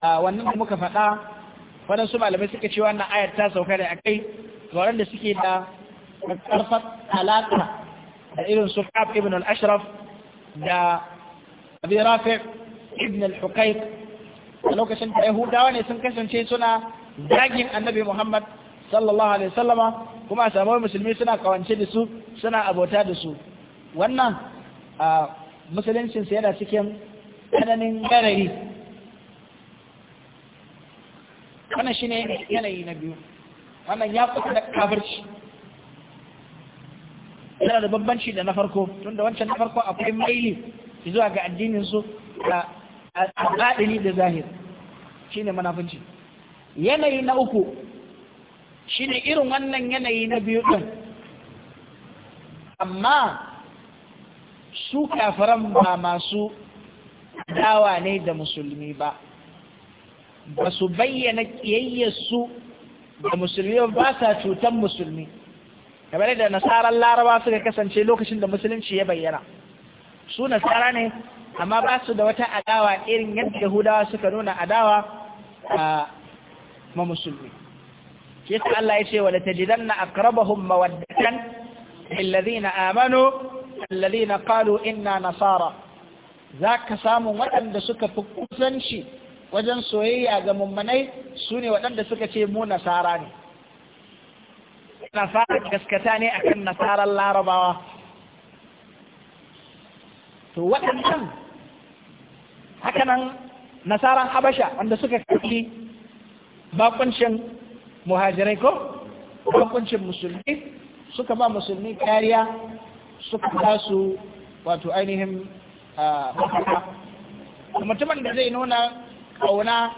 wannan da muka faɗa waɗansu malamai suka ce wannan ayar ta sauka da akai ga da suke da ƙarfar alaƙa da irin su ƙaf ibn al-Ashraf da Abi Rafi' ibn al a lokacin da Yahudawa ne sun kasance suna zagin Annabi Muhammad sallallahu alaihi wasallama kuma a musulmi suna kawance da su suna abota da su wannan musuluncin sa yana cikin tsananin yanayi, wannan shi ne yanayi na biyu wannan ya kusa da kafirci yana da bambanci da na farko tunda wancan na farko akwai maili zuwa ga addinin su da al'adili da zahir shine manafinci yanayi na uku shi ne irin wannan yanayi na biyu ɗin amma su kafiran ba masu dawa ne da musulmi ba ba su bayyana ƙiyayyarsu da musulmi ba sa cutan musulmi kamar da nasarar laraba suka kasance lokacin da musulunci ya bayyana su nasara ne amma ba su da wata adawa irin yadda yahudawa suka nuna adawa a ma musulmi yasa Allah ya ce wa la tajidanna aqrabahum mawaddatan lil amanu alladhina qalu inna nasara za ka samu waɗanda suka fi kusanci wajen soyayya ga mummanai su ne waɗanda suka ce mu nasara ne nasara gaskata ne akan nasarar larabawa to waɗannan hakanan nasarar habasha wanda suka kafi bakuncin muhajirai ko bakuncin musulmi suka ba musulmi kariya suka ba su wato ainihin mutumin da zai nuna kauna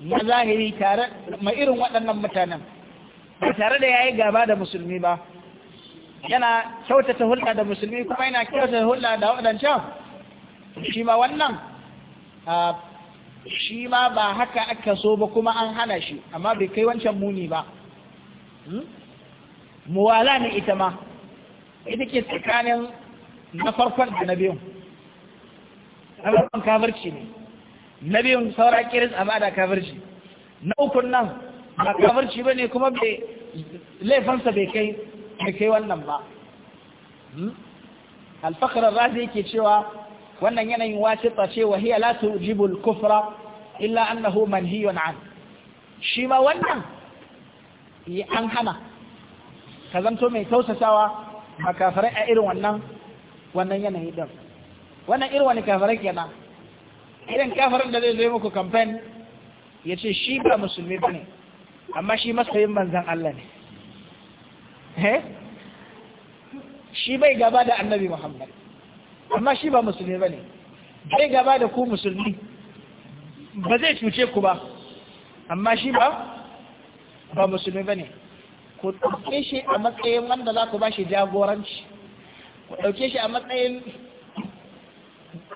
na zahiri tare mai irin waɗannan mutanen ba tare da ya yi gaba da musulmi ba yana kyautata hulɗa da musulmi kuma yana kyautata hulɗa da waɗancan shi ma wannan shi ma ba haka aka so ba kuma an hana shi amma bai kai wancan muni ba hmm? muwala ne ita ma ita ke tsakanin na farkon da na biyun sauran kafirci ne na biyun saura kiris a bada kafirci na ukun nan ba kafirci ba ne kuma laifansa bai kai wannan ba hmm? alfakarar razi yake cewa wannan yanayin wace ce wa hiya la kufra illa annahu manhiyun an shi ma wannan an hana ka zanto mai tausasawa a kafirai a irin wannan wannan yanayi din wannan irin wani kafirai kenan irin kafirin da zai zo muku kamfen ya ce shi ba musulmi ba ne amma shi masoyin manzan Allah ne eh? shi bai gaba da annabi Muhammad amma shi ba musulmi ba ne bai gaba da ku musulmi ba zai cuce ku ba amma shi ba ba musulmi ba ne ku ɗauke shi a matsayin wanda za ku ba shi jagoranci ku ɗauke shi a matsayin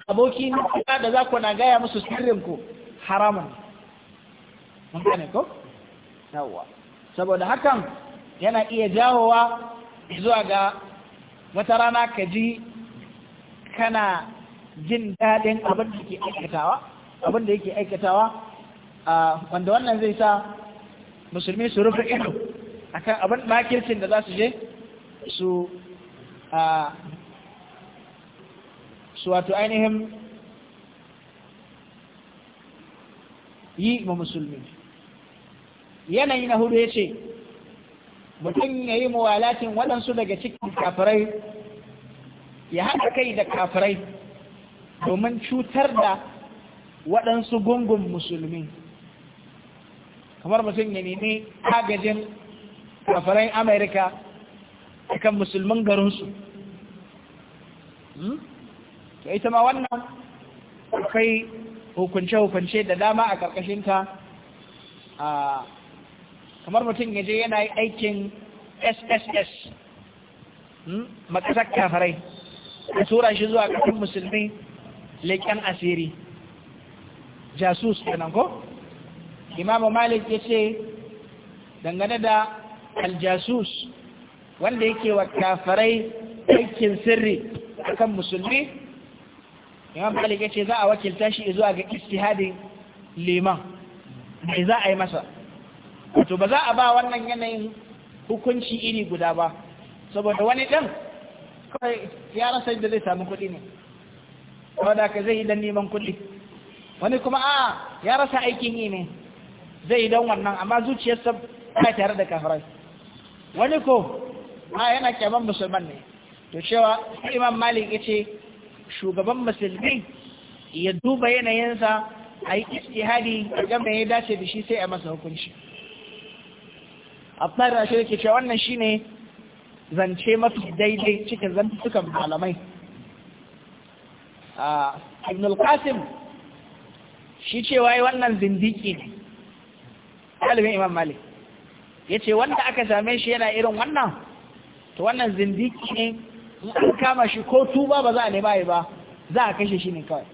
aboki na da za ku na gaya musu sirrin ku haramun mun ne ko yawa saboda hakan yana iya jawowa zuwa ga wata rana ka ji kana jin daɗin abin da yake aikatawa abin da yake aikatawa wanda wannan zai sa musulmi su rufe ido akan abin makircin da za su je su su wato ainihin yi ma musulmi yanayi na hudu ya ce mutum ya yi muwalatin waɗansu daga cikin kafirai ya haɗa kai da kafirai domin cutar da waɗansu gungun musulmi kamar mutum ya nemi agajin kafirai amerika kan musulman garinsu hmm? to ita ma wannan akwai hukunce-hukunce da dama a ƙarƙashinta a kamar mutum ya je yana aikin sss hmm, makasar kafarai a tura shi zuwa ƙasar musulmi leƙen asiri jasus kenan ko imamu malik ya ce dangane da aljasus wanda yake wa kafarai aikin sirri akan musulmi imam malik ya ce za a wakilta shi zuwa ga istihadin liman mai za a yi masa wato ba za a ba wannan yanayin hukunci iri guda ba saboda wani ɗan kawai ya rasa da zai samu kuɗi ne da ka zai yi don neman kuɗi wani kuma a ya rasa aikin yi ne zai yi don wannan amma zuciyarsa ba tare da kafirai wani ko a yana kyaman musulman ne to cewa imam malik yace shugaban musulmi ya duba yanayinsa a yi istihadi gama ya dace da shi sai a masa hukunci Abdullahi da shi ke cewa wannan shi ne zance mafi daidai cikin zantukan malamai ibn al-qasim shi ce yi wannan zindiki ne ɗalibin imam malik ya ce wanda aka same shi yana irin wannan to wannan zindiki ne in an kama shi ko tuba ba za a nema yi ba za a kashe shi ne kawai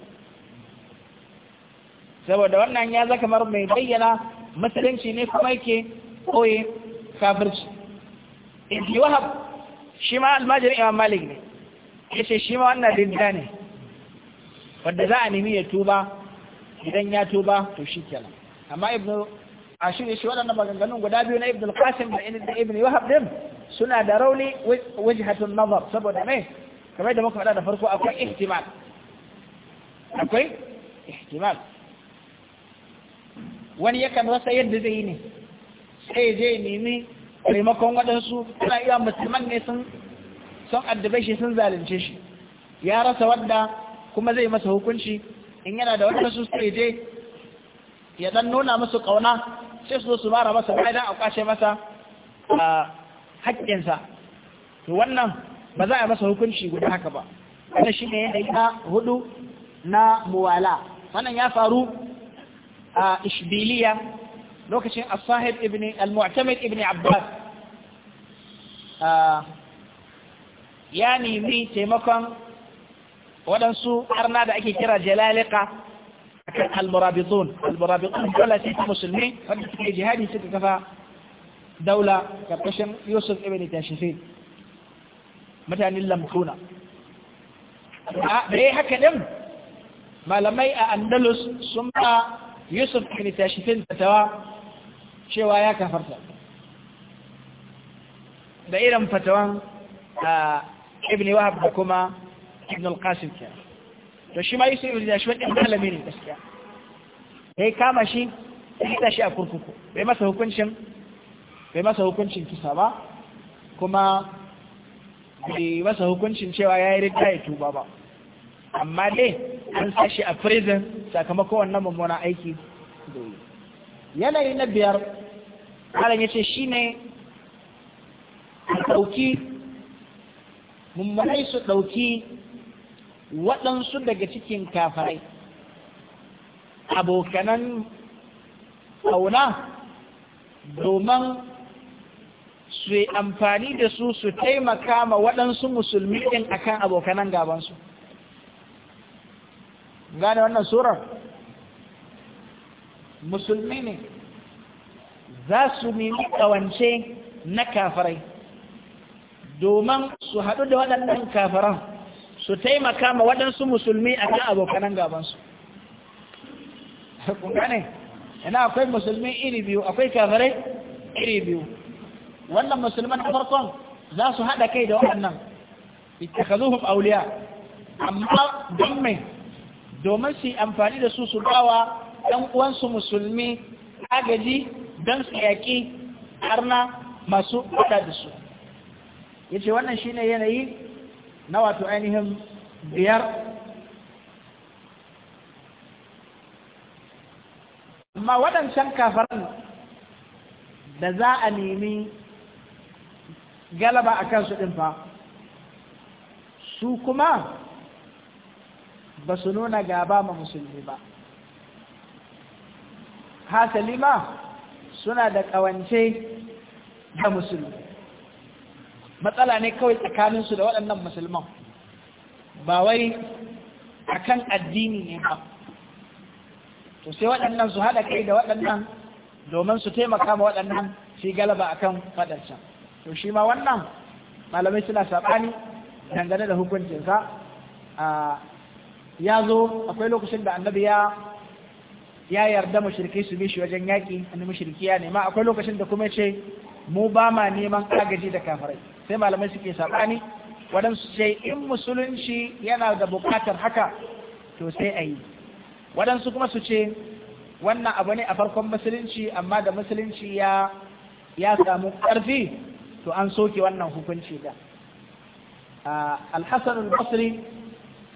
saboda wannan ya zaka mar mai bayyana musulunci ne kuma yake koye kafirci ibn wahab shi ma almajirin imam malik ne yace shi ma wannan dinda ne wanda za a nemi ya tuba idan ya tuba to shi kenan amma ibn ashir shi waɗannan maganganun guda biyu na ibn al-qasim da ibn wahab din suna da rauni wajhatun nazar saboda mai kamar da muka faɗa da farko akwai ihtimal akwai ihtimal wani yakan rasa yadda zai yi ne sai je nemi taimakon waɗansu suna iya musulman ne sun son addabai shi sun zalunce shi ya rasa wadda kuma zai masa hukunci in yana da wadda su sai je ya dan nuna musu kauna sai su zo su mara masa bayan a kwashe masa haƙƙinsa to wannan ba za a masa hukunci guda haka ba wannan shi ne yanayi na hudu na muwala wannan ya faru a ishbiliya lokacin asahib ibn al-mu'tamid ibn abbas ya nemi taimakon waɗansu arna da ake kira jalalika akan al-murabitun al dole musulmi wadda suke jihadi suka kafa daula karkashin yusuf ibn tashifi mutanen lamtuna da ya haka ɗin malamai a andalus sun ba yusuf ibn tashifin fatawa cewa ya kafarta da irin fatawan ibn wahab da kuma ibn al-qasim ke to shi ma yusuf ibn tashifin ɗin malami ne gaskiya ya kama shi ya shi a kurkuku bai masa hukuncin bai masa hukuncin kisa ba kuma bai masa hukuncin cewa ya yi rita ya tuba ba amma dai an sashi a prison sakamakon wannan mummunan aiki yanayi na biyar malam ya ce shi ne a ɗauki mummunai su ɗauki waɗansu daga cikin kafarai abokanan ƙauna domin su yi amfani da su su taimaka ma waɗansu musulmi ɗin akan abokanan gabansu gane wannan surar musulmi ne za su nemi ƙawance na kafirai domin su haɗu da waɗannan kafiran su taimaka ma waɗansu musulmi a kan abokanan gabansu Ku gane yana akwai musulmi iri biyu akwai kafirai iri biyu wannan musulman na farkon za su haɗa kai da waɗannan ittakhazuhum awliya amma don mai domin su amfani da su su bawa ɗan uwansu musulmi agaji don su yaƙi harna masu faɗa da su ya ce wannan shi ne yanayi na wato ainihin biyar amma waɗancan kafaran da za a nemi galaba a kansu ɗin fa su kuma ba su nuna gaba ma musulmi ba hasali ma suna da ƙawance da musulmi matsala ne kawai tsakaninsu da waɗannan musulman ba wai a kan addini ne ba to sai waɗannan su haɗa kai da waɗannan domin su taimaka ma waɗannan shi galaba akan faɗancan to shi ma wannan malamai suna saɓani dangane da hukuncinsa ya zo akwai lokacin da annabi ya ya yarda mashirki su bishi wajen yaƙi wani mashirki ya nema akwai lokacin da kuma ce mu ba ma neman agaji da kafirai sai malamai suke saɓani waɗansu ce in musulunci yana da buƙatar haka to sai a yi waɗansu kuma su ce wannan abu ne a farkon musulunci amma da musulunci ya ya samu ƙarfi to an soke wannan hukunci da alhassan al-basri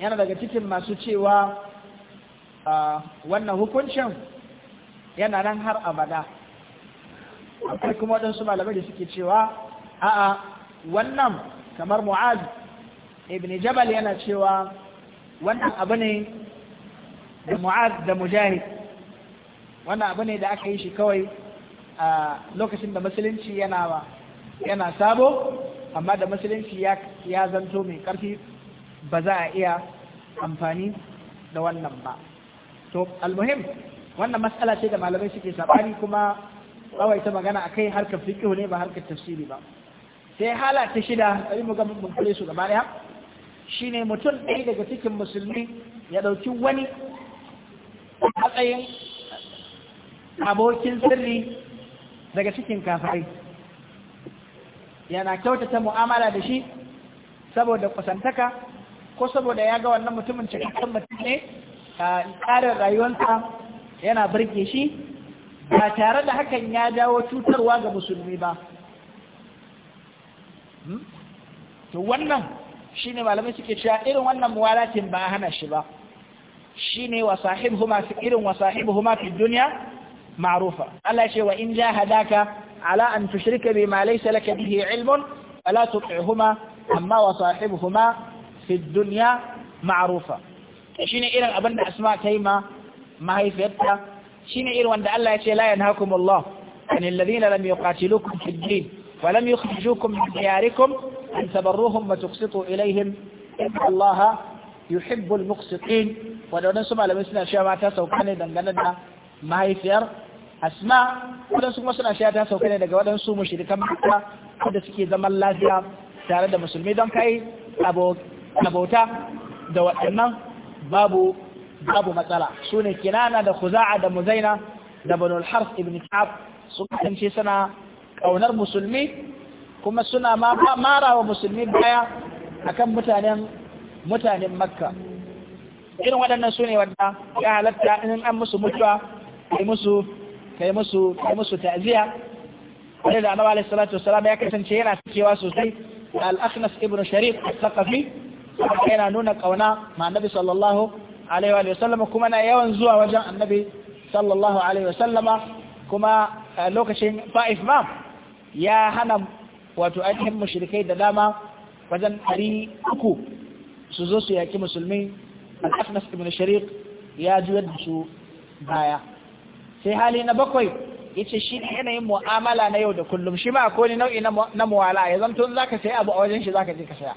yana daga cikin masu cewa wannan hukuncin yana nan har abada akwai kuma waɗansu malamai da suke cewa a'a wannan kamar mu'ad ibn jabal yana cewa wannan abu ne da mu'ad da mujahid wannan abu ne da aka yi shi kawai a lokacin da musulunci yana ba. yana sabo amma da musulunci ya zanto mai ƙarfi ba za a iya amfani da wannan ba to almuhim wannan matsala ce da malamai suke sabani kuma kawai ta magana a kai harkar fiƙihu ne ba harkar tafsiri ba sai hala ta shida ɗari mu ga mun su gaba ɗaya shine mutum ɗaya daga cikin musulmi ya ɗauki wani matsayin abokin sirri daga cikin kafirai yana kyautata mu'amala da shi saboda kusantaka ko saboda ya ga wannan mutumin cikakken mutum ne tsarin rayuwarsa yana birge shi ba tare da hakan ya jawo cutarwa ga musulmi ba hmm? to wannan shi ne malamai suke cewa irin wannan muwalatin ba a hana shi ba Shi ne wa sahibhuma fi irin wa sahibhuma fi duniya ma'rufa Allah ce wa in jahadaka على أن تشرك بما ليس لك به علم فلا تطعهما أما وصاحبهما في الدنيا معروفة شين إيران أبن أسماء كيما ما هي فيتا شين إيران وأن الله يتي لا ينهاكم الله عن الذين لم يقاتلوكم في الدين ولم يخرجوكم من دياركم أن تبروهم وتقسطوا إليهم إن الله يحب المقسطين ولو ما لم يسنى شيئا ما ما هي أرض asma waɗansu kuma suna shaya ta sauka ne daga waɗansu shirikan makka wanda suke zaman lafiya tare da musulmi don kai abota da waɗannan babu babu matsala su ne kinana da kuza'a da muzaina da banul harf ibn ka'ab sun kasance suna ƙaunar musulmi kuma suna mara wa musulmi baya akan mutanen mutanen makka irin waɗannan su ne wadda ya halatta in an musu mutuwa a musu kai musu kai musu ta'ziya sai da annabi alaihi salatu wassalam ya kasance yana cewa sosai al-akhnas ibn sharif al-thaqafi yana nuna kauna ma annabi sallallahu alaihi wa sallam kuma na yawan zuwa wajen annabi sallallahu alaihi wa sallama kuma eh, lokacin fa'if ma ya hana wato ainihin mushrikai da dama wajen ɗari uku su zo su yaki musulmi al-akhnas ibn sharif ya juyar da su baya sai hali na bakwai yace shi ne yanayin mu'amala na yau da kullum shi ma akwai nau'i na muwala ya zanto zaka sai abu a wajen shi zaka je ka saya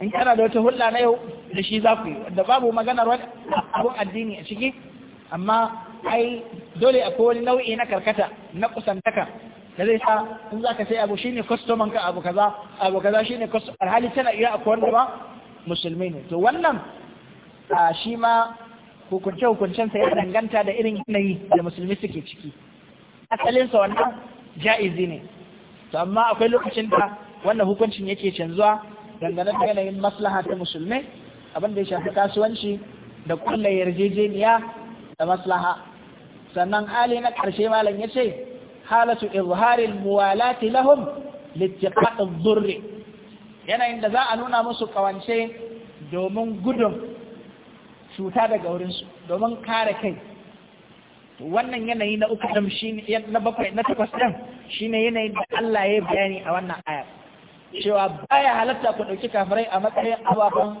in kana da wata hulɗa na yau da shi za ku yi da babu maganar wani abun addini a ciki amma ai dole akwai wani nau'i na karkata na kusantaka da zai sa in za ka sai abu shine kwastoman ka abu kaza abu kaza shine kwastoman hali tana iya akwai wanda ba musulmi ne to wannan shi ma hukunce-hukuncensa ya danganta da irin yanayi da musulmi suke ciki asalinsa wannan ja'izi ne to amma akwai lokacin da wannan hukuncin yake canzuwa dangane da yanayin maslaha ta musulmi abin da ya shafi kasuwanci da kulla yarjejeniya da maslaha sannan Ali na karshe malam ya ce halatu izharin muwalati lahum littiqat adh yanayin da za a nuna musu kawance domin gudun cuta daga wurinsu domin kare kai wannan yanayi na uku ɗin shi na bakwai na takwas ɗin shi ne yanayin da Allah ya bayani a wannan ayar cewa baya halatta ku ɗauki kafirai a matsayin ababen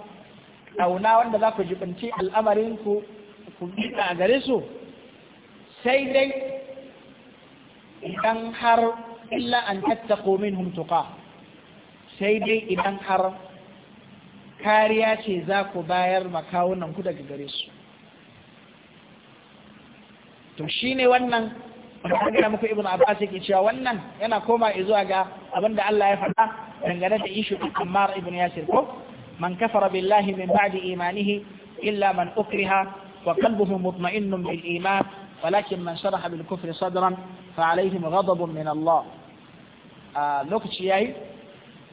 ƙauna wanda za ku jibinci al'amarin ku ku a gare su sai dai idan har illa an tattako minhum tuqa sai dai idan har kariya ce za ku bayar makawunan ku daga gare su to ne wannan gina muku ibn abbas yake cewa wannan yana koma zuwa ga da Allah ya faɗa dangane da ishu Ammar ibn Yasir ko man kafara billahi min ba'di imanihi illa man ukriha wa qalbuhu mutma'innun bil iman walakin man sharaha bil kufri sadran fa alaihim ghadabun min Allah ah, lokaci yayi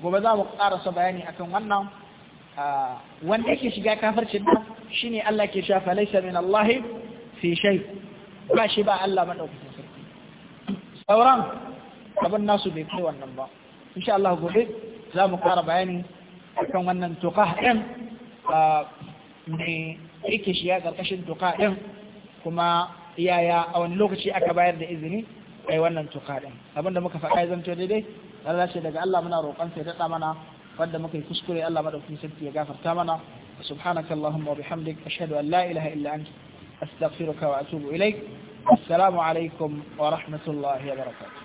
gobe za mu ƙarasa bayani akan wannan Ah, wanda yake shiga kafircin shi shine Allah ke shafa laisa min Allah fi shay ba shi ba Allah madaukakin sarki sauran abin nasu bai kai wannan ba insha Allah gobe za mu fara bayani akan wannan tuqa din ne ah, yake shiga karkashin tuqa din kuma yaya a wani lokaci aka bayar da izini ai wannan tuqa din abinda muka faɗa ya zanto daidai Allah ce daga Allah muna roƙon sai ta mana wanda muka yi kuskure Allah madaukakin sarki ya gafarta mana subhanaka allahumma wa bihamdik ashhadu an la ilaha illa anta astaghfiruka wa atubu ilaik assalamu alaikum wa rahmatullahi wa barakatuh